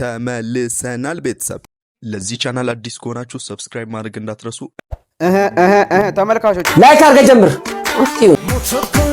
ተመልሰናል ቤተሰብ። ለዚህ ቻናል አዲስ ከሆናችሁ ሰብስክራይብ ማድረግ እንዳትረሱ ተመልካቾች። ላይክ አድርገህ ጀምር።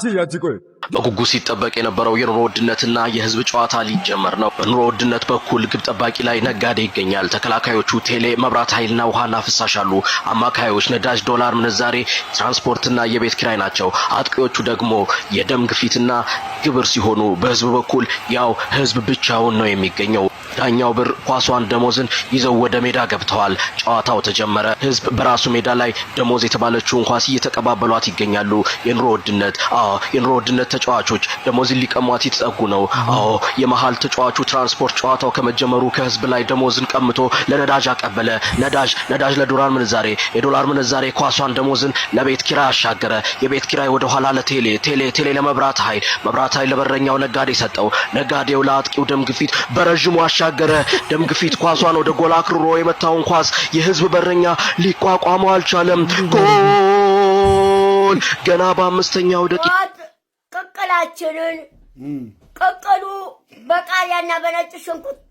ያቺ ያቺ ቆይ በጉጉት ሲጠበቅ የነበረው የኑሮ ውድነትና የህዝብ ጨዋታ ሊጀመር ነው። በኑሮ ውድነት በኩል ግብ ጠባቂ ላይ ነጋዴ ይገኛል። ተከላካዮቹ ቴሌ፣ መብራት ኃይልና ውሃና ፍሳሽ አሉ። አማካዮች ነዳጅ፣ ዶላር ምንዛሬ፣ ትራንስፖርትና የቤት ኪራይ ናቸው። አጥቂዎቹ ደግሞ የደም ግፊትና ግብር ሲሆኑ በህዝብ በኩል ያው ህዝብ ብቻውን ነው የሚገኘው። ዳኛው ብር ኳሷን ደሞዝን ይዘው ወደ ሜዳ ገብተዋል። ጨዋታው ተጀመረ። ህዝብ በራሱ ሜዳ ላይ ደሞዝ የተባለችውን ኳስ እየተቀባበሏት ይገኛሉ። የኑሮ ውድነት፣ አዎ የኑሮ ውድነት ተጫዋቾች ደሞዝን ሊቀሟት የተጠጉ ነው። አዎ የመሀል ተጫዋቹ ትራንስፖርት ጨዋታው ከመጀመሩ ከህዝብ ላይ ደሞዝን ቀምቶ ለነዳጅ አቀበለ። ነዳጅ ነዳጅ ለዶላር ምንዛሬ፣ የዶላር ምንዛሬ ኳሷን ደሞዝን ለቤት ኪራይ አሻገረ። የቤት ኪራይ ወደኋላ ለቴሌ፣ ቴሌ ቴሌ ለመብራት ኃይል፣ መብራት ኃይል ለበረኛው ነጋዴ ሰጠው። ነጋዴው ለአጥቂው ደም ግፊት በረዥሙ አሻ ተሻገረ። ደም ግፊት ኳሷን ወደ ጎል አክርሮ የመታውን ኳስ የህዝብ በረኛ ሊቋቋመው አልቻለም። ጎል! ገና በአምስተኛው ደቂቃ ቅቅላችንን ቅቅሉ በቃሪያና በነጭ ሽንኩርት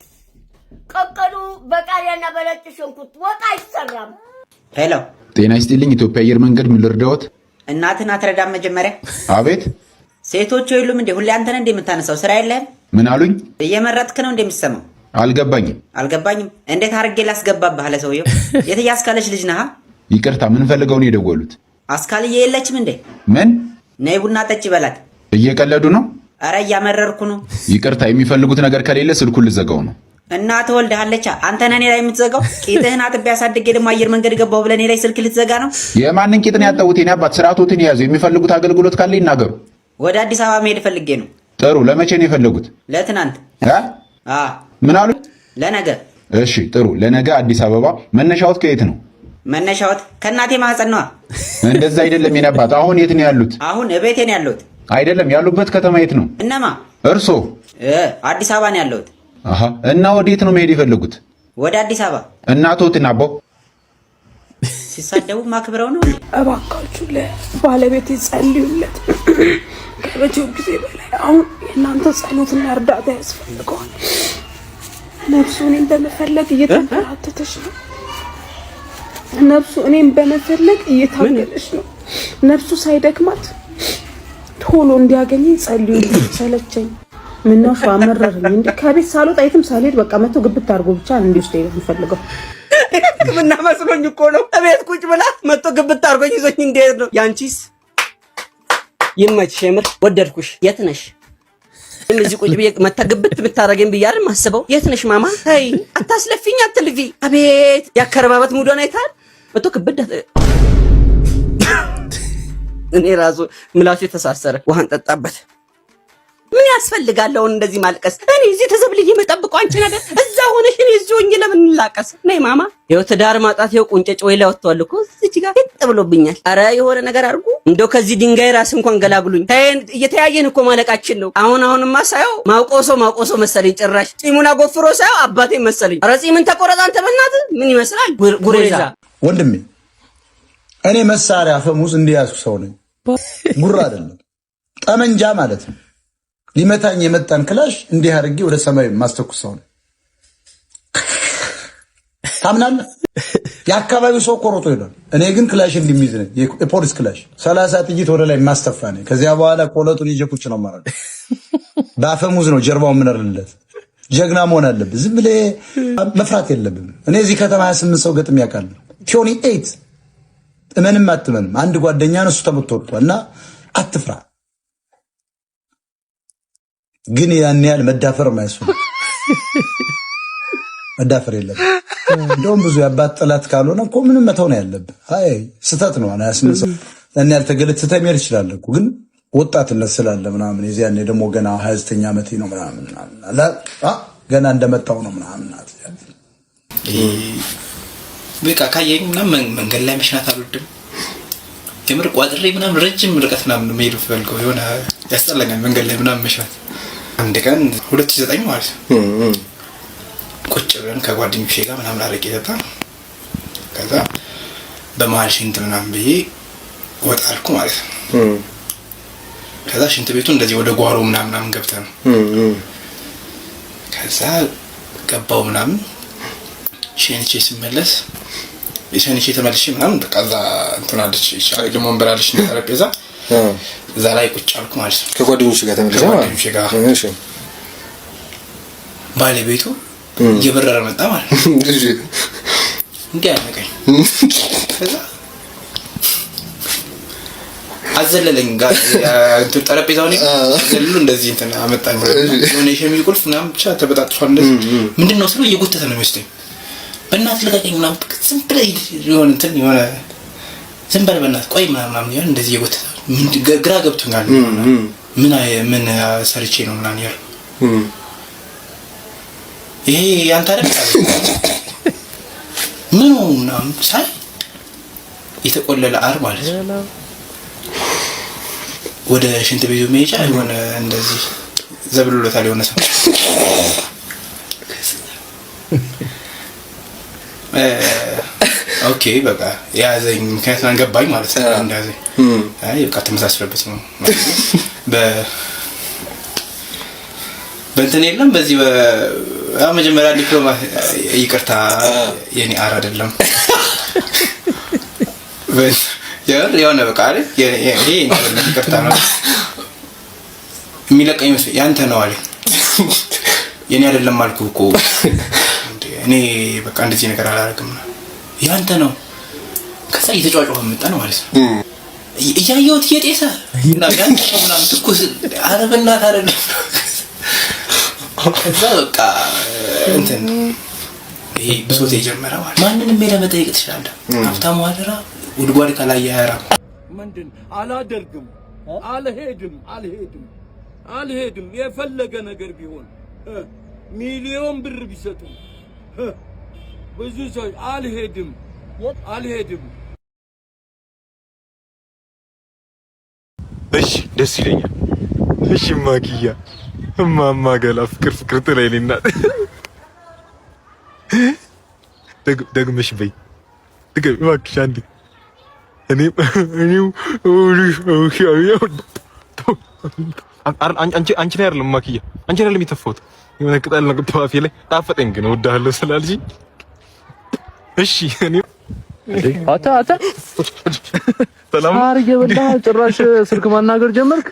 ቅቅሉ በቃሪያና በነጭ ሽንኩርት ወጣ አይሰራም። ሄሎ፣ ጤና ይስጥልኝ። ኢትዮጵያ አየር መንገድ ምን ልርዳዎት? እናትን አትረዳም መጀመሪያ። አቤት ሴቶቹ የሉም እንዴ? ሁሌ አንተን እንደምታነሳው ስራ የለህም? ምን አሉኝ? እየመረጥክ ነው እንደሚሰማው አልገባኝም አልገባኝም። እንዴት አድርጌ ላስገባብህ አለ ሰውየው። አስካለች ልጅ ነህ? ይቅርታ ምንፈልገውን የደወሉት አስካልዬ የለችም እንዴ? ምን ነይ ቡና ጠጭ በላት። እየቀለዱ ነው? አረ እያመረርኩ ነው። ይቅርታ የሚፈልጉት ነገር ከሌለ ስልኩን ልዘጋው ነው። እና ትወልድሃለች። አንተ ነህ እኔ ላይ የምትዘጋው? ቂጥህን አጥቤ አሳድጌ ደግሞ አየር መንገድ ገባሁ ብለህ እኔ ላይ ስልክ ልትዘጋ ነው? የማንን ቂጥን ያጠቡት? የኔ አባት ስርዓቶትን የያዙ የሚፈልጉት አገልግሎት ካለ ይናገሩ። ወደ አዲስ አበባ መሄድ ፈልጌ ነው። ጥሩ። ለመቼ ነው የፈለጉት? ለትናንት ምን አሉ? ለነገ እሺ፣ ጥሩ ለነገ አዲስ አበባ። መነሻዎት ከየት ነው? መነሻዎት ከእናቴ ማህፀን ነዋ። እንደዛ አይደለም የነባት። አሁን የት ነው ያሉት? አሁን እቤቴ ነው ያሉት። አይደለም ያሉበት ከተማ የት ነው? እነማ እርሶ? አዲስ አበባ ነው ያለሁት። አሀ። እና ወዴት ነው መሄድ የፈለጉት? ወደ አዲስ አበባ። እናቶት አቦ ሲሳደቡ ማክብረው ነው። እባካችሁ ለባለቤት ይጸልዩለት ከመቼው ጊዜ በላይ አሁን የእናንተ ጸሎትና እርዳታ ያስፈልገዋል። ነፍሱ እኔም በመፈለግ እየተንከራተተች ነው። ነፍሱ እኔም በመፈለግ እየታገለች ነው። ነፍሱ ሳይደክማት ቶሎ እንዲያገኝ ጸልዩ። ሰለቸኝ፣ ምነው ሰው አመረረኝ። እንዲ ከቤት ሳልወጣ የትም ሳልሄድ በቃ መቶ ግብት አድርጎ ብቻ እንዲወስደኝ የምፈልገው ሕክምና መስሎኝ እኮ ነው። እቤት ቁጭ ብላ መቶ ግብት አድርጎኝ ይዞኝ እንዲሄድ ነው። ያንቺስ? ይመችሽ፣ የምር ወደድኩሽ። የት ነሽ? እዚህ ቁጭ ብዬ መታ ግብት ብያል ብያለሁ ማስበው። የት ነሽ ማማ? ተይ አታስለፊኝ፣ አትልፊ። አቤት ያከረባበት ሙዶን አይታል መቶ ክብድ እኔ ራሱ ምላሱ የተሳሰረ ውሃን ጠጣበት። ምን ያስፈልጋል እንደዚህ ማልቀስ? እኔ እዚህ ተዘብልዬ መጠብቀው አንቺን አይደል? እዛ ሆነሽ እኔ እዚህ ሆኜ ለምን እንላቀስ? ነይ ማማ። ይኸው ትዳር ማጣት ይኸው ቁንጨጭ ወይ ላይ ወጥቷል እኮ እዚች ጋር ጥ ብሎብኛል። ኧረ የሆነ ነገር አድርጉ እንደው ከዚህ ድንጋይ ራስ እንኳን ገላግሉኝ። እየተያየን እኮ ማለቃችን ነው። አሁን አሁንማ ሳየው ማውቆሶ ማውቆሶ መሰለኝ። ጭራሽ ፂሙን አጎፍሮ ሳየው አባቴ መሰለኝ። ኧረ ፂምን ተቆረጥ አንተ በእናትህ ምን ይመስላል ጉሬዛ ወንድሜ። እኔ መሳሪያ ፈሙስ እንዲያሱ ሰው ነኝ። ጉራ አይደለም ጠመንጃ ማለት ነው። ሊመታኝ የመጣን ክላሽ እንዲህ አድርጌ ወደ ሰማይ ማስተኩሰው ነው። ታምናለህ? የአካባቢው ሰው ቆርጦ ይሏል። እኔ ግን ክላሽ እንዲሚዝ ነኝ፣ የፖሊስ ክላሽ ሰላሳ ጥይት ወደ ላይ ማስተፋ ነኝ። ከዚያ በኋላ ቆለጡን የጀኩች ነው ማረ በአፈሙዝ ነው ጀርባው ምንርልለት። ጀግና መሆን አለብህ። ዝም ብለህ መፍራት የለብም። እኔ እዚህ ከተማ ሀያ ስምንት ሰው ገጥም ያውቃል። ቲዮኒ ኤት እመንም አትመንም አንድ ጓደኛ እሱ ተመቶ ወጥቷል እና አትፍራ። ግን ያን ያህል መዳፈር ማያሱ መዳፈር የለም። እንደውም ብዙ የአባት ጥላት ካልሆነ እኮ ምንም መተው ነው ያለብህ። አይ ስህተት ነው ያስምጽ ያን ያህል ተገለጽተ መሄድ ይችላል እኮ ግን ወጣትነት ስላለ ምናምን የዚህ ያኔ ደግሞ ገና ሀያ ዘጠኝ ዓመቴ ነው ምናምን ገና እንደመጣው ነው ምናምን በቃ ካየኝ ምናምን መንገድ ላይ መሽናት አልወድም። የምር ቋጥሬ ምናምን ረጅም ርቀት ምናምን መሄድ ፈልገው የሆነ ያስጠላኛል መንገድ ላይ ምናምን መሽናት አንድ ቀን ሁለት ሺህ ዘጠኝ ማለት ነው ቁጭ ብለን ከጓደኞቼ ጋር ምናምን አረቄ ጠጣ። ከዛ በመሀል ሽንት ምናምን ብዬ ወጣ አልኩ ማለት ነው። ከዛ ሽንት ቤቱ እንደዚህ ወደ ጓሮ ምናምናምን ገብተ ነው። ከዛ ገባው ምናምን ሸንቼ ስመለስ ሸንቼ ተመልሼ ምናምን በቃ እዛ እንትን አለች ደግሞ አለች ጠረጴዛ እዛ ላይ ቁጭ አልኩ ማለት ነው። ከጓደኞች ጋር ተመልሰ ከጓደኞች ጋር ባለቤቱ እየበረረ መጣ ማለት ነው። እንዲህ አነቀኝ አዘለለኝ ጋር እንትን ጠረጴዛውን ዘለሉ እንደዚህ እንትን አመጣኝ የሆነ የሸሚዝ ቁልፍ ምናምን ብቻ ተበጣጥሷል። እንደዚህ ምንድን ነው ስለው እየጎተተ ነው የሚወስደኝ። በእናትህ ልቀቀኝ ምናምን ዝም ብለህ የሆነ እንትን የሆነ ዝም በል በእናትህ ቆይ ምናምን ምናምን እንደዚህ እየጎተተ ነው ግራ ገብቶኛል። ምን ምን ሰርቼ ነው ምናምን ያለው ይሄ ያንተ አይደል ምን ምናምን ሳይ የተቆለለ አር ማለት ነው። ወደ ሽንት ቤቱ መሄጃ የሆነ እንደዚህ ዘብሎታል የሆነ ሰው እ ኦኬ በቃ የያዘኝ ምክንያት አንገባኝ ማለት ነው። እንዳዘኝ አይ በቃ ተመሳስለበት ነው በ በእንትን የለም በዚህ መጀመሪያ ዲፕሎማ ይቅርታ የኔ አር አይደለም የሆነ በቃ ይቅርታ ነው የሚለቀኝ መስሎኝ ያንተ ነው አለኝ። የኔ አይደለም አልኩ እኮ እኔ በቃ እንደዚህ ነገር አላደርግም ነው ያንተ ነው። ከዛ እየተጫጫሁ መጣ ነው ማለት ነው። እያየሁት እየጤሰ ትኩስ አረብና ታረብ። ከዛ በቃ እንትን ይሄ ብሶት የጀመረ ማለት ማንንም ሄደህ መጠይቅ ትችላለህ። ሀብታሙ አደራ ጉድጓድ ከላይ ያያራም ምንድን አላደርግም፣ አልሄድም፣ አልሄድም፣ አልሄድም የፈለገ ነገር ቢሆን ሚሊዮን ብር ቢሰጡ ብዙ ሰው አልሄድም አልሄድም። እሺ ደስ ይለኛል። እሺ ማኪያ እማማ ገላ ፍቅር ፍቅር ትለኝ እናት ደግመሽ በይ ደግ እባክሽ አንዴ አንቺ ላይ አይደለም ማክያ፣ አንቺ ላይ አይደለም የተፋሁት የሆነ ቅጠል ነው አፌ ላይ ጣፈጠኝ፣ ግን እወድሃለሁ ስላልሽኝ እሺ እኔ አታ አታ ሰላም ጭራሽ ስልክ ማናገር ጀመርክ።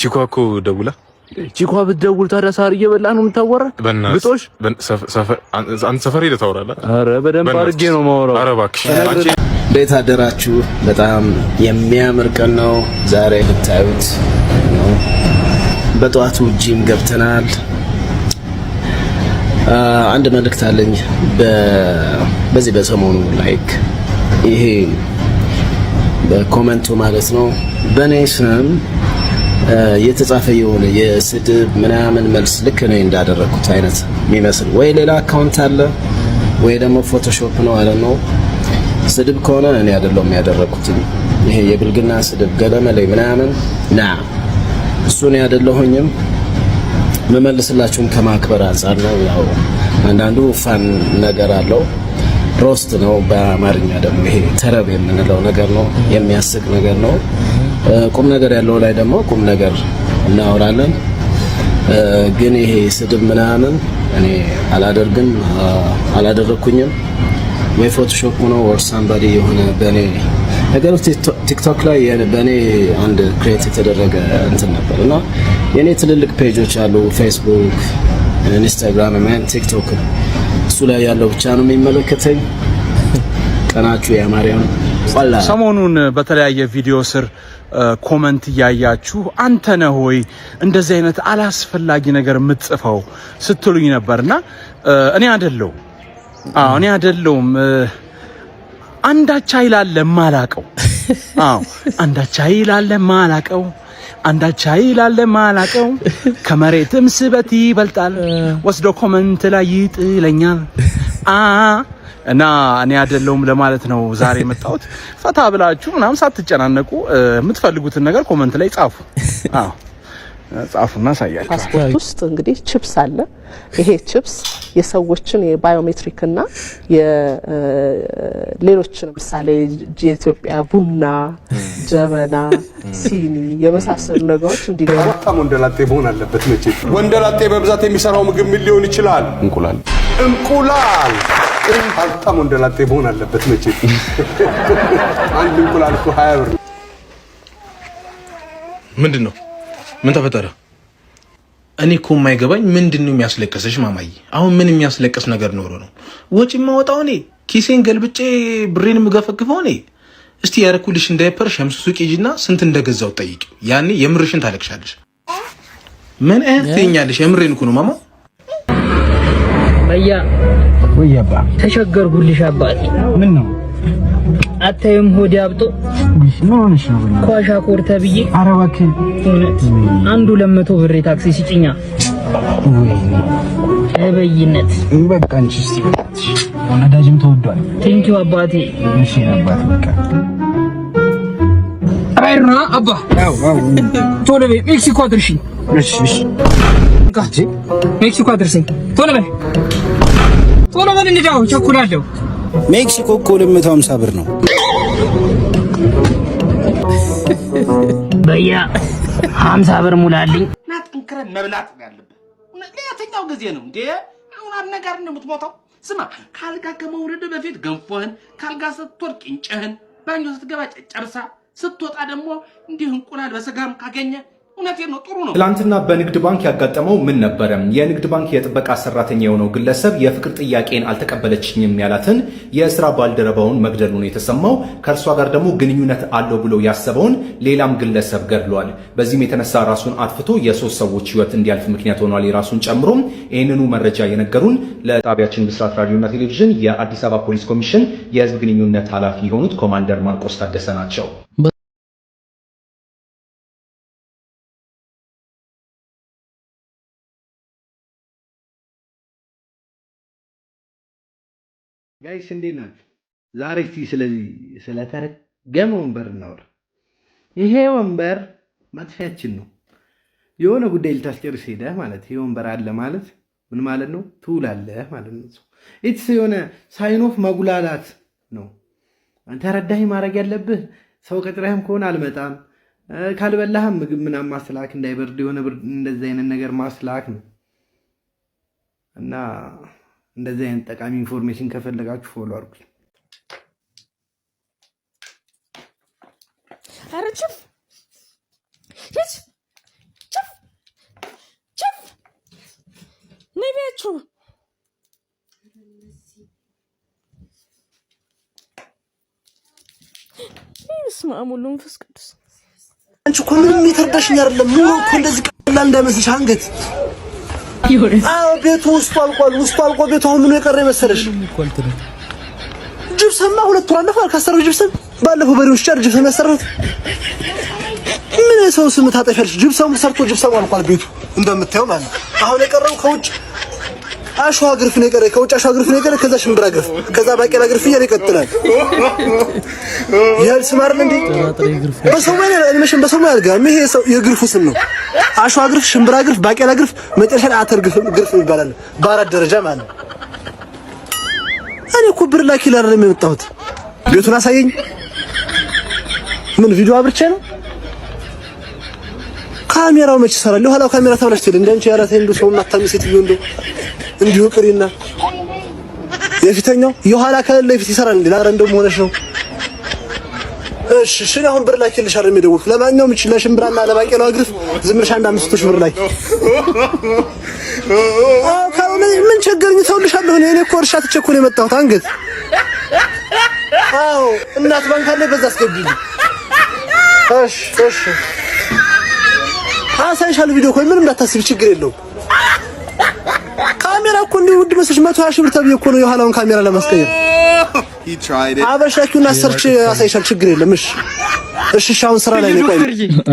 ቺኳ እኮ ደውላ ቺኳ ብትደውል ታዲያ ሳር እየበላህ ነው የምታወራ? ግጦሽ አንተ ሰፈር ሄደህ ታወራለህ? አረ በደንብ አድርጌ ነው የማወራው። አረ እባክሽ ቤት አደራችሁ። በጣም የሚያምር ቀን ነው ዛሬ ልታዩት ነው። በጠዋቱ ጂም ገብተናል። አንድ መልእክት አለኝ። በዚህ በሰሞኑ ላይክ ይሄ በኮመንቱ ማለት ነው በእኔ ስም የተጻፈ የሆነ የስድብ ምናምን መልስ ልክ ነው እንዳደረግኩት አይነት የሚመስል ወይ ሌላ አካውንት አለ ወይ ደግሞ ፎቶሾፕ ነው አለ ነው። ስድብ ከሆነ እኔ አይደለሁም ያደረኩት። ይሄ የብልግና ስድብ ላይ ምናምን ና እሱ አይደለሁኝም። መመልስላችሁን ከማክበር አንጻር ነው። ያው አንዳንዱ ፋን ነገር አለው ሮስት ነው። በአማርኛ ደግሞ ይሄ ተረብ የምንለው ነገር ነው። የሚያስቅ ነገር ነው። ቁም ነገር ያለው ላይ ደግሞ ቁም ነገር እናወራለን። ግን ይሄ ስድብ ምናምን እኔ አላደርግም፣ አላደረኩኝም ወይ ፎቶሾፕ ነው ወር ሳምባዲ የሆነ በእኔ ነገር ውስጥ ቲክቶክ ላይ በእኔ አንድ ክሬት የተደረገ እንትን ነበር እና የእኔ ትልልቅ ፔጆች አሉ፣ ፌስቡክ፣ ኢንስታግራም ማን ቲክቶክ እሱ ላይ ያለው ብቻ ነው የሚመለከተኝ። ቀናችሁ የማርያም ላ ሰሞኑን በተለያየ ቪዲዮ ስር ኮመንት እያያችሁ አንተ ነህ ሆይ እንደዚህ አይነት አላስፈላጊ ነገር የምትጽፈው ስትሉኝ ነበርና እኔ አይደለሁም እኔ አደለውም። አንዳች ኃይል አለ ማላቀው። አዎ አንዳች ኃይል አለ ማላቀው አንዳች ኃይል አለ ማላቀው ከመሬትም ስበት ይበልጣል ወስዶ ኮመንት ላይ ይጥለኛል። አ እና እኔ አይደለሁም ለማለት ነው ዛሬ የመጣሁት። ፈታ ብላችሁ ምናምን ሳትጨናነቁ የምትፈልጉትን ነገር ኮመንት ላይ ጻፉ። አዎ ጻፉና አሳያቸዋል። ፓስፖርት ውስጥ እንግዲህ ቺፕስ አለ። ይሄ ቺፕስ የሰዎችን የባዮሜትሪክና ሌሎችን ምሳሌ የኢትዮጵያ ቡና፣ ጀበና፣ ሲኒ የመሳሰሉ ነገሮች እንዲገባ በጣም ወንደላጤ መሆን አለበት። መቼ ወንደላጤ በብዛት የሚሰራው ምግብ ምን ሊሆን ይችላል? እንቁላል እንቁላል በጣም ወንደላጤ መሆን አለበት። መቼ አንድ እንቁላል እኮ ሀያ ብር ምንድን ነው ምን ተፈጠረ? እኔ እኮ የማይገባኝ ምንድን ነው የሚያስለቀሰሽ ማማዬ? አሁን ምን የሚያስለቀስ ነገር ኖሮ ነው? ወጪ የማወጣው እኔ፣ ኪሴን ገልብጬ ብሬን የምገፈግፈው እኔ። እስቲ ያረኩልሽን እንዳይፐር ሸምሱ ሱቅ ሂጂና ስንት እንደገዛው ጠይቂ። ያኔ የምርሽን ታለቅሻለሽ። ምን አይነት ትኛለሽ? የምሬን እኮ ነው ማማ። በያ ተቸገርኩልሽ አባቴ። ምን ነው አታይም? ሆዲ አብጦ ኳሻ ኮርተ ብዬ አንዱ ለመቶ ብር ታክሲ ሲጭኛ እበይነት በቃ እንጂ ነዳጅም ተወዷል። ቴንኪው አባቴ። እሺ አባቴ በቃ አባ ቶሎ ሜክሲኮ እሺ እሺ ሜክሲኮ ቶሎ ቶሎ ሜክሲኮ እኮ ሁለት መቶ ሃምሳ ብር ነው። አህያ ሀምሳ ብር ሙላልኝ ናት ጠንክረን መብላት ያለብህ ለየትኛው ጊዜ ነው እንዴ? አሁን አነጋር ነገር እንደምትሞተው ስማ ካልጋ ከመውረድ በፊት ገንፎህን፣ ካልጋ ስትወርድ ቅንጭህን፣ ባኞ ስትገባ ጨርሳ፣ ስትወጣ ደግሞ እንዲህ እንቁላል በስጋም ካገኘ እውነቴን ነው። ጥሩ ነው። ትላንትና በንግድ ባንክ ያጋጠመው ምን ነበረ? የንግድ ባንክ የጥበቃ ሰራተኛ የሆነው ግለሰብ የፍቅር ጥያቄን አልተቀበለችኝም ያላትን የስራ ባልደረባውን መግደሉ ነው የተሰማው። ከእርሷ ጋር ደግሞ ግንኙነት አለው ብሎ ያሰበውን ሌላም ግለሰብ ገድሏል። በዚህም የተነሳ ራሱን አጥፍቶ የሶስት ሰዎች ህይወት እንዲያልፍ ምክንያት ሆኗል። የራሱን ጨምሮ ይህንኑ መረጃ የነገሩን ለጣቢያችን ብስራት ራዲዮና ቴሌቪዥን የአዲስ አበባ ፖሊስ ኮሚሽን የህዝብ ግንኙነት ኃላፊ የሆኑት ኮማንደር ማርቆስ ታደሰ ናቸው። ጋይስ እንዴት ናችሁ? ዛሬ እስቲ ስለዚህ ስለተረገመ ወንበር እናወራ። ይሄ ወንበር መጥፊያችን ነው። የሆነ ጉዳይ ልታስጨርስ ሄደህ ማለት ይሄ ወንበር አለ ማለት ምን ማለት ነው? ቱል አለ ማለት ነው። ኢትስ የሆነ ሳይኖፍ መጉላላት ነው። ረዳኝ ማድረግ ያለብህ ሰው ከጥረህም ከሆነ አልመጣም፣ ካልበላህም ምግብ ምናምን ማስላክ እንዳይበርድ የሆነ እንደዚህ አይነት ነገር ማስላክ ነው እና እንደዚህ አይነት ጠቃሚ ኢንፎርሜሽን ከፈለጋችሁ ፎሎ አድርጉኝ። ኧረ ችፍ ሂጅ ችፍ ችፍ ነቢያችሁ ስማ ሙሉ መንፈስ ቅዱስ አንቺ እኮ ምንም የተረዳሽኝ አይደለም። ኑሮ እኮ እንደዚህ ቀላል እንዳይመስልሽ አንገት አዎ ቤቱ ውስጡ አልቋል። ውስጡ አልቆ ቤቱ አሁን ምኑ የቀረ መሰለሽ? ጅብሰማ ሁለት ወር አለፈ አልካሰረው ጅብሰም ባለፈው በሬዎች ጫር ጅብሰም ያሰራሁት ምን የሰው ስም ታጠፊያለሽ? ጅብሰሙ ሰርቶ ጅብሰሙ አልቋል ቤቱ እንደምታየው ማለት አሁን የቀረው ከውጭ አሸዋ ግርፍ ነው የቀረ፣ ከውጭ አሸዋ ግርፍ ነው የቀረ፣ ከዛ ሽምብራ ግርፍ፣ ከዛ ባቄላ ግርፍ እያለ ይቀጥላል። ይሄ ስም አይደል እንዴ? በሶማሊያ አኒሜሽን በሶማሊያ አልጋም። ይሄ የግርፉ ስም ነው። አሸዋ ግርፍ፣ ሽምብራ ግርፍ፣ ባቄላ ግርፍ፣ መጨረሻ አተር ግርፍ ግርፍ ይባላል። በአራት ደረጃ ማለት ነው። እኔ እኮ ብር ላኪ ላደረም የመጣሁት ቤቱን አሳየኝ። ምን ቪዲዮ አብርቼ ነው ካሜራው መች ይሰራል? ኋላው ካሜራ ታብላሽ ትል እንደንቺ ያረተ እንዱ ሰው እና እናታሚ ሴትዮ እንዱ እንዲሁ ቅሪና የፊተኛው የኋላ ከሌለ የፊት ይሰራል እንዴ? ላረ እንደውም ሆነሽ ነው። እሺ እሺ፣ አሁን ብር ላኪልሻለሁ የሚደውልኩት። ለማንኛውም እቺ ለሽምብራና ለባቄላው ግርፍ ዝም ብለሽ አንድ አምስት ሺህ ብር ላኪ። ምን ቸገረኝ፣ ተውልሻለሁ። እኔ እኮ እርሻ ትቼ እኮ ነው የመጣሁት። አንገት አዎ፣ እናት ባንክ አለ፣ በዛ አስገቢልኝ። እሺ እሺ አሳይሻለሁ። ቪዲዮ ኮይ ምንም እንዳታስቢ፣ ችግር የለውም። ካሜራ እኮ እንዲህ ውድ መስሎሽ መቶ ሀያ ሺህ ብር ተብዬ እኮ ነው የኋላውን ካሜራ ለማስቀየር። አበሻኪውና ሰርች አሳይሻለሁ፣ ችግር የለም። እሺ፣ እሺ፣ እሺ። አሁን ስራ ላይ ነው። ቆይ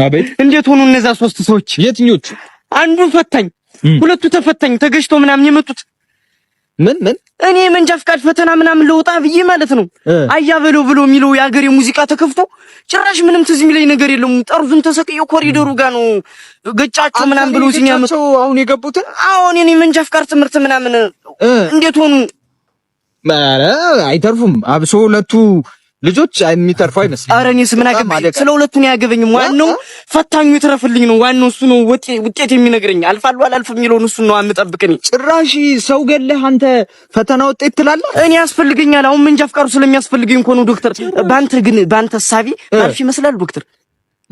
አቤት፣ እንዴት ሆኑ እነዛ ሶስት ሰዎች? የትኞቹ? አንዱ ፈታኝ፣ ሁለቱ ተፈታኝ ተገጭቶ ምናምን የመጡት ምን ምን እኔ መንጃ ፍቃድ ፈተና ምናምን ልወጣ ብዬ ማለት ነው። አያ በሎ ብሎ የሚለው የአገሬ ሙዚቃ ተከፍቶ ጭራሽ ምንም ትዝ የሚለኝ ነገር የለም። ጠርዙን ተሰቅየው ኮሪደሩ ጋር ነው ገጫቸው ምናምን ብሎ ሲያመጡ አሁን የገቡትን አሁን እኔ መንጃ ፍቃድ ትምህርት ምናምን እንዴት ሆኑ? አይተርፉም። አብሶ ሁለቱ ልጆች የሚተርፉ አይመስልም። አረ እኔስ ምን አገባኝ? ስለ ሁለቱን አያገበኝም። ዋናው ፈታኙ የተረፍልኝ ነው። ዋናው እሱ ነው፣ ውጤት የሚነግረኝ አልፋለሁ አላልፍ የሚለውን እሱ ነው የምጠብቅኝ። ጭራሽ ሰው ገለህ አንተ ፈተና ውጤት ትላለህ። እኔ ያስፈልገኛል። አሁን መንጃ ፍቃዱ ስለሚያስፈልገኝ እኮ ነው ዶክተር። በአንተ ግን በአንተ ሳቢ አልፍ ይመስላል ዶክተር።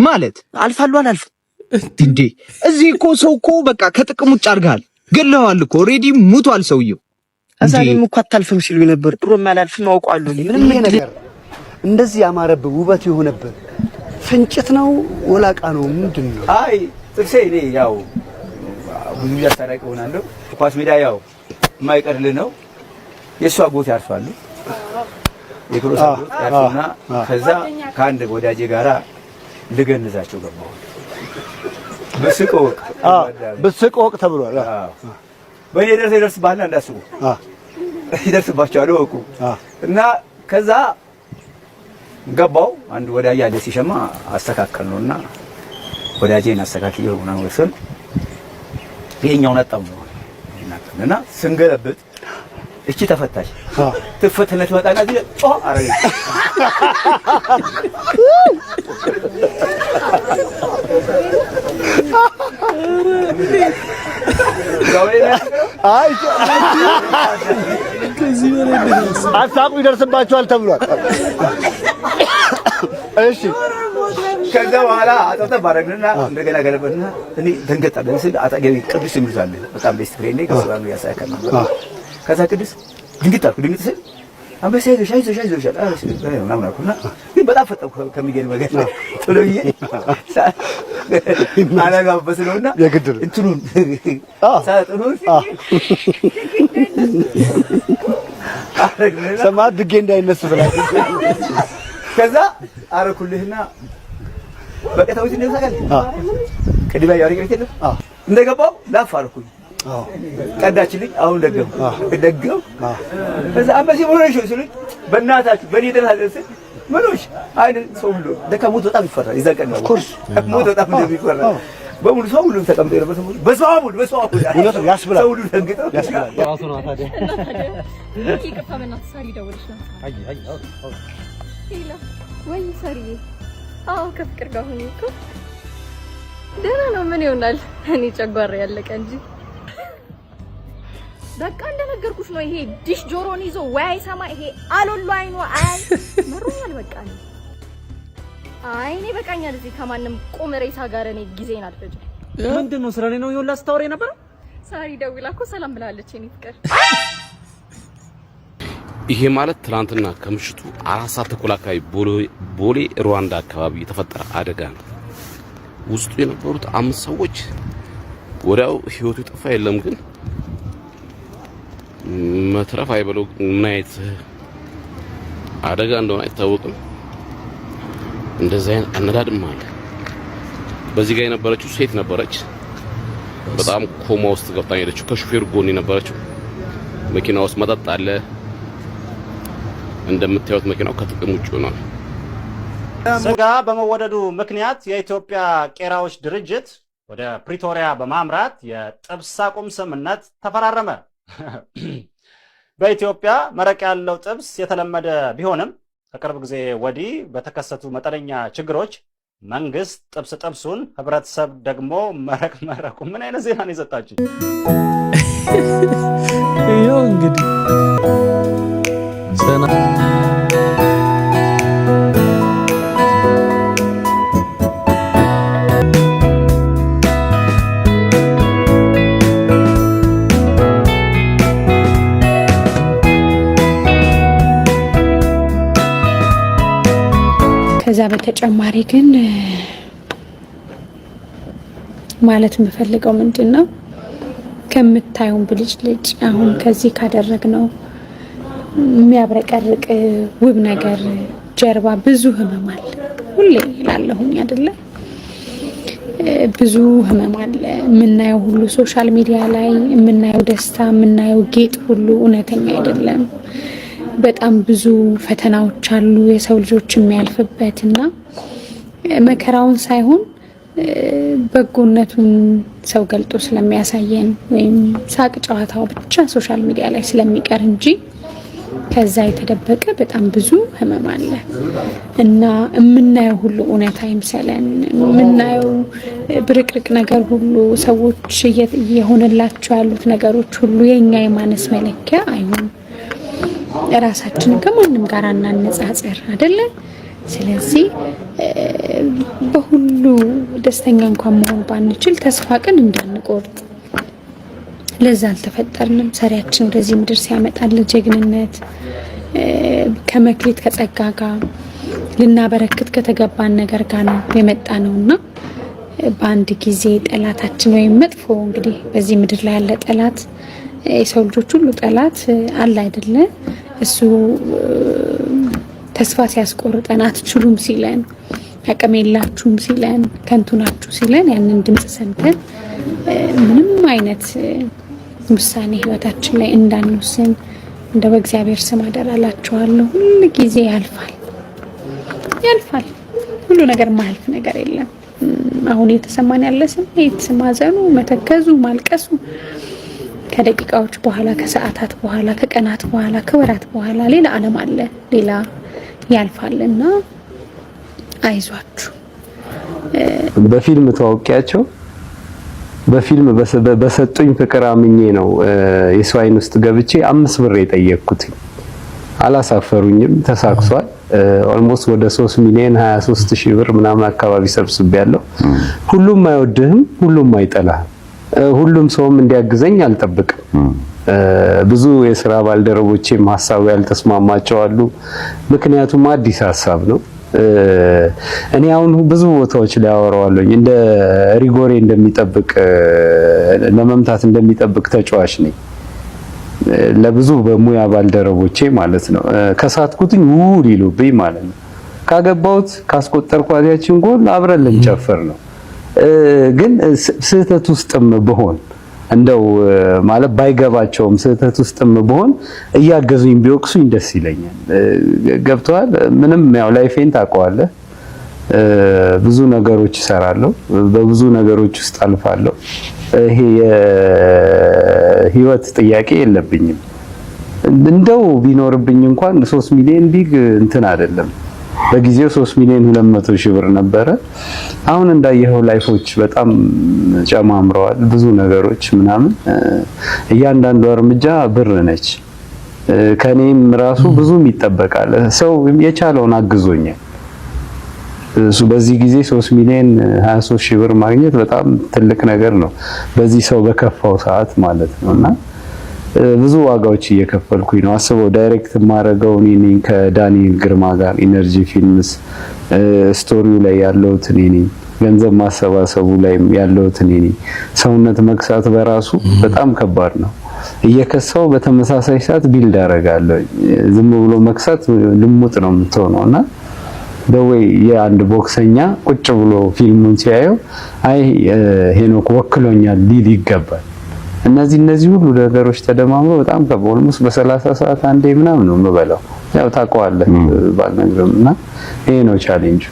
ማለት አልፋለሁ አላልፍ እንዴ? እዚህ እኮ ሰው እኮ በቃ ከጥቅም ውጭ አድርገሃል። ገለኸዋል እኮ ኦልሬዲ ሙቷል ሰውየው። እዛ እኔም እኮ አታልፍም ሲሉኝ ነበር። ድሮም አላልፍም አውቀዋለሁ ምንም ነገር እንደዚህ ያማረብህ ውበት የሆነብህ ፍንጭት ነው ወላቃ ነው ምንድን ነው? አይ ጥቅሴ እኔ ያው ብዙ ያሳራቂ ሆናለሁ። ኳስ ሜዳ ያው የማይቀርልህ ነው። የእሱ አጎት ያርፋሉ የክሮስ አጎት ያርፉና ከዛ ከአንድ ወዳጄ ጋራ ልገንዛቸው ገባሁ። ብስቅ ወቅ ብስቅ ወቅ ተብሏል። በእኔ ደርሰህ ይደርስብሃል እንዳስቡ ይደርስባቸዋል። ወቁ እና ከዛ ገባው አንድ ወዳጅ አለ ሲሸማ አስተካከል ነውና ወዳጄን አስተካክዬ ሆነ ወሰን ይሄኛው ነጣም ነው እና ስንገለብጥ እቺ ተፈታች ትፈትና ትመጣና እዚህ ጮ አረኝ አይ አሳቁ ይደርስባቸዋል ተብሏል። እሺ ከዛ በኋላ አጠጠብ አደረግንና እንደገና ገለበትና እኔ ደንገጣለን ስል አጠገቤ ቅዱስ ይምሉታል። በጣም ቤስት ፍሬንድ ነው። ከሰላም ነበር። ከዛ ቅዱስ ድንግጥ አልኩ። ድንግጥ ስል አንበሳ ይዞሽ አይዞሽ አይዞሽ ምናምን አልኩና ግን በጣም ፈጠንኩ። ከሚገርም ነገር ቶሎ ብዬ አላጋበስ ነውና የግድ ነው እንትኑን ሳጥኑን ሰማ ድጌ እንዳይነሱ ብላ ከዛ አረኩልህና በቀታው ሲነሳ ካል ከዲባ ያሪቅ ቤት ነው እንደገባው ላፍ አልኩኝ። ቀዳችልኝ። አሁን ደገም ደገም ከዛ አመሲ ብሎ ነው በእናታችሁ በእኔ ደላል ስል ምኖች አይን ሰው ሁሉ ደካ ሞት በጣም ይፈራል። ይዛ ቀን ነው ኮርስ ሞት በጣም ይፈራል። በሙሉ ሰው ሁሉ ተቀምጦ የነበረ ሰው በሰው ሁሉ በሰው ሁሉ ሁለቱ ያስብላል። ሰው ሁሉ ደንግጦ ያስብላል። ራሱ ነው ታዲያ ሌላ ወይ አዎ ከፍቅር ጋር ሆኜ እኮ ደህና ነው። ምን ይሆናል? እኔ ጨጓራ ያለቀ እንጂ በቃ እንደነገርኩሽ ነው። ይሄ ዲሽ ጆሮን ይዞ ወይ አይሰማ፣ ይሄ አሎሎ አይኑ አይ መሮኛል። በቃ ነው። አይ እኔ በቃኛል። እዚህ ከማንም ቁም ሬሳ ጋር እኔ ጊዜን አልፈጅም። ምንድን ነው ስራ ነው ይሁን ላስታወሪ ነበር። ሳሪ ደውላ እኮ ሰላም ብላለች። እኔ ፍቅር ይሄ ማለት ትላንትና ከምሽቱ አራት ሰዓት ተኩል አካባቢ ቦሌ ሩዋንዳ አካባቢ የተፈጠረ አደጋ ነው። ውስጡ የነበሩት አምስት ሰዎች ወዲያው ህይወቱ የጠፋ የለም፣ ግን መትረፍ አይበለው ምን አይነት አደጋ እንደሆነ አይታወቅም። እንደዚህ አይነት አነዳድም አለ። በዚህ ጋር የነበረችው ሴት ነበረች። በጣም ኮማ ውስጥ ገብታ ሄደችው። ከሹፌር ጎን የነበረችው መኪና ውስጥ መጠጥ አለ። እንደምታዩት መኪናው ከጥቅም ውጭ ሆኗል። ስጋ በመወደዱ ምክንያት የኢትዮጵያ ቄራዎች ድርጅት ወደ ፕሪቶሪያ በማምራት የጥብስ አቁም ስምምነት ተፈራረመ። በኢትዮጵያ መረቅ ያለው ጥብስ የተለመደ ቢሆንም ከቅርብ ጊዜ ወዲህ በተከሰቱ መጠነኛ ችግሮች መንግስት ጥብስ ጥብሱን፣ ህብረተሰብ ደግሞ መረቅ መረቁ። ምን አይነት ዜና ነው የሰጣችሁ? ይኸው እንግዲህ ከዛ በተጨማሪ ግን ማለት የምፈልገው ምንድን ነው ከምታዩን ብልጭ ልጭ አሁን ከዚህ ካደረግነው የሚያብረቀርቅ ውብ ነገር ጀርባ ብዙ ህመም አለ። ሁሌ ይላለሁኝ አይደለ? ብዙ ህመም አለ። የምናየው ሁሉ ሶሻል ሚዲያ ላይ የምናየው ደስታ፣ የምናየው ጌጥ ሁሉ እውነተኛ አይደለም። በጣም ብዙ ፈተናዎች አሉ የሰው ልጆች የሚያልፍበት እና መከራውን ሳይሆን በጎነቱን ሰው ገልጦ ስለሚያሳየን ወይም ሳቅ ጨዋታው ብቻ ሶሻል ሚዲያ ላይ ስለሚቀር እንጂ ከዛ የተደበቀ በጣም ብዙ ህመም አለ እና የምናየው ሁሉ እውነት አይምሰለን። የምናየው ብርቅርቅ ነገር ሁሉ፣ ሰዎች እየሆነላቸው ያሉት ነገሮች ሁሉ የእኛ የማነስ መለኪያ አይሆን። እራሳችን ከማንም ጋር እናነጻጽር አይደለ? ስለዚህ በሁሉ ደስተኛ እንኳን መሆን ባንችል ተስፋ ቀን እንዳንቆርጥ ለዛ አልተፈጠርንም። ሰሪያችን ወደዚህ ምድር ሲያመጣ ለጀግንነት ከመክሊት ከጸጋ ጋር ልናበረክት ከተገባን ነገር ጋር ነው የመጣ ነው እና በአንድ ጊዜ ጠላታችን ወይም መጥፎ እንግዲህ በዚህ ምድር ላይ ያለ ጠላት የሰው ልጆች ሁሉ ጠላት አለ አይደለ? እሱ ተስፋ ሲያስቆርጠን አትችሉም ሲለን አቅም የላችሁም ሲለን ከንቱ ናችሁ ሲለን ያንን ድምፅ ሰምተን ምንም አይነት ውሳኔ ህይወታችን ላይ እንዳንወስን እንደ በእግዚአብሔር ስም አደራላችኋለሁ። ሁሉ ጊዜ ያልፋል ያልፋል። ሁሉ ነገር ማያልፍ ነገር የለም። አሁን እየተሰማን ያለ ስሜት ማዘኑ፣ መተከዙ፣ ማልቀሱ ከደቂቃዎች በኋላ ከሰዓታት በኋላ ከቀናት በኋላ ከወራት በኋላ ሌላ ዓለም አለ፣ ሌላ ያልፋል እና አይዟችሁ። በፊልም ተዋውቂያቸው በፊልም በሰጡኝ ፍቅር አምኜ ነው የሰው አይን ውስጥ ገብቼ አምስት ብር የጠየቅኩት። አላሳፈሩኝም፣ ተሳክሷል። ኦልሞስት ወደ 3 ሚሊዮን 23 ሺህ ብር ምናምን አካባቢ ሰብስቤያለሁ። ሁሉም አይወድህም፣ ሁሉም አይጠላህም ሁሉም ሰውም እንዲያግዘኝ አልጠብቅም። ብዙ የስራ ባልደረቦቼም ሀሳቡ ያልተስማማቸው አሉ። ምክንያቱም አዲስ ሀሳብ ነው። እኔ አሁን ብዙ ቦታዎች ላይ አወራዋለሁኝ። እንደ ሪጎሬ እንደሚጠብቅ ለመምታት እንደሚጠብቅ ተጫዋች ነኝ። ለብዙ በሙያ ባልደረቦቼ ማለት ነው። ከሳትኩትኝ ውል ይሉብኝ ማለት ነው። ካገባሁት ካስቆጠርኳት ያችን ጎል አብረን ልንጨፍር ነው። ግን ስህተት ውስጥም ብሆን እንደው ማለት ባይገባቸውም ስህተት ውስጥም ብሆን እያገዙኝ ቢወቅሱኝ ደስ ይለኛል። ገብተዋል። ምንም ያው ላይፌን ታውቀዋለህ። ብዙ ነገሮች እሰራለሁ፣ በብዙ ነገሮች ውስጥ አልፋለሁ። ይሄ የህይወት ጥያቄ የለብኝም። እንደው ቢኖርብኝ እንኳን ሶስት ሚሊዮን ቢግ እንትን አይደለም በጊዜው 3 ሚሊዮን 200 ሺህ ብር ነበረ። አሁን እንዳየኸው ላይፎች በጣም ጨማምረዋል። ብዙ ነገሮች ምናምን እያንዳንዷ እርምጃ ብር ነች። ከኔም ራሱ ብዙም ይጠበቃል። ሰው የቻለውን አግዞኛል። እሱ በዚህ ጊዜ 3 ሚሊዮን 23 ሺህ ብር ማግኘት በጣም ትልቅ ነገር ነው፣ በዚህ ሰው በከፋው ሰዓት ማለት ነውና ብዙ ዋጋዎች እየከፈልኩኝ ነው። አስበው ዳይሬክት የማደርገው እኔ ነኝ ከዳኒ ግርማ ጋር ኢነርጂ ፊልምስ ስቶሪው ላይ ያለሁት እኔ ነኝ። ገንዘብ ማሰባሰቡ ላይ ያለሁት እኔ ነኝ። ሰውነት መክሳት በራሱ በጣም ከባድ ነው። እየከሳው በተመሳሳይ ሰዓት ቢልድ አደርጋለሁ። ዝም ብሎ መክሳት ልሙጥ ነው የምትሆነው እና ደወይ የአንድ ቦክሰኛ ቁጭ ብሎ ፊልሙን ሲያየው አይ ሄኖክ ወክሎኛል ሊል ይገባል። እነዚህ እነዚህ ሁሉ ነገሮች ተደማምሮ በጣም ከቦልሙስ በሰላሳ ሰዓት አንዴ ምናምን ነው የምበላው። ያው ታውቀዋለህ ባልነግርም እና ይሄ ነው ቻሌንጅ።